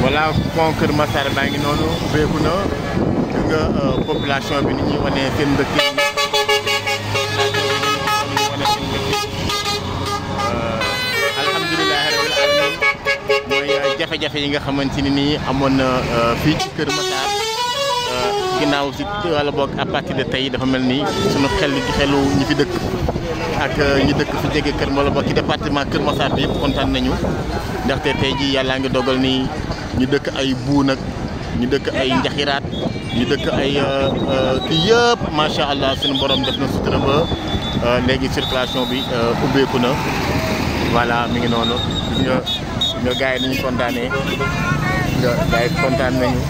voilà pont Kër Massar baa ngi noonu ubbeeku na nga euh, population bi ni ñuy wane seen mbëkk yi euh, alhamdulilah rabil alamin euh, jafe-jafe yi nga xamante ni nii amoon na fii ci Kër Massar ginnaaw ci wàlla boog à partir de tey dafa mel ni sunu xel ci xelu ñu fi dëkk ak ñi dëkk fi jege Kër wala boog ci département Kër Massar bi yëpp kontaan nañu ndaxte tey ji yàlla ngi dogal nii ñu dëkk ay buun ak ñu dëkk ay njaxiraat ñu dëkk ay euh, euh, kii yëpp macha allah sun borom def na sutura ba euh, léegi circulation bi ubbeeku na voilà mi ngi noonu gis nga nga yi nañu kontaanee nga gars yi kontaan nañu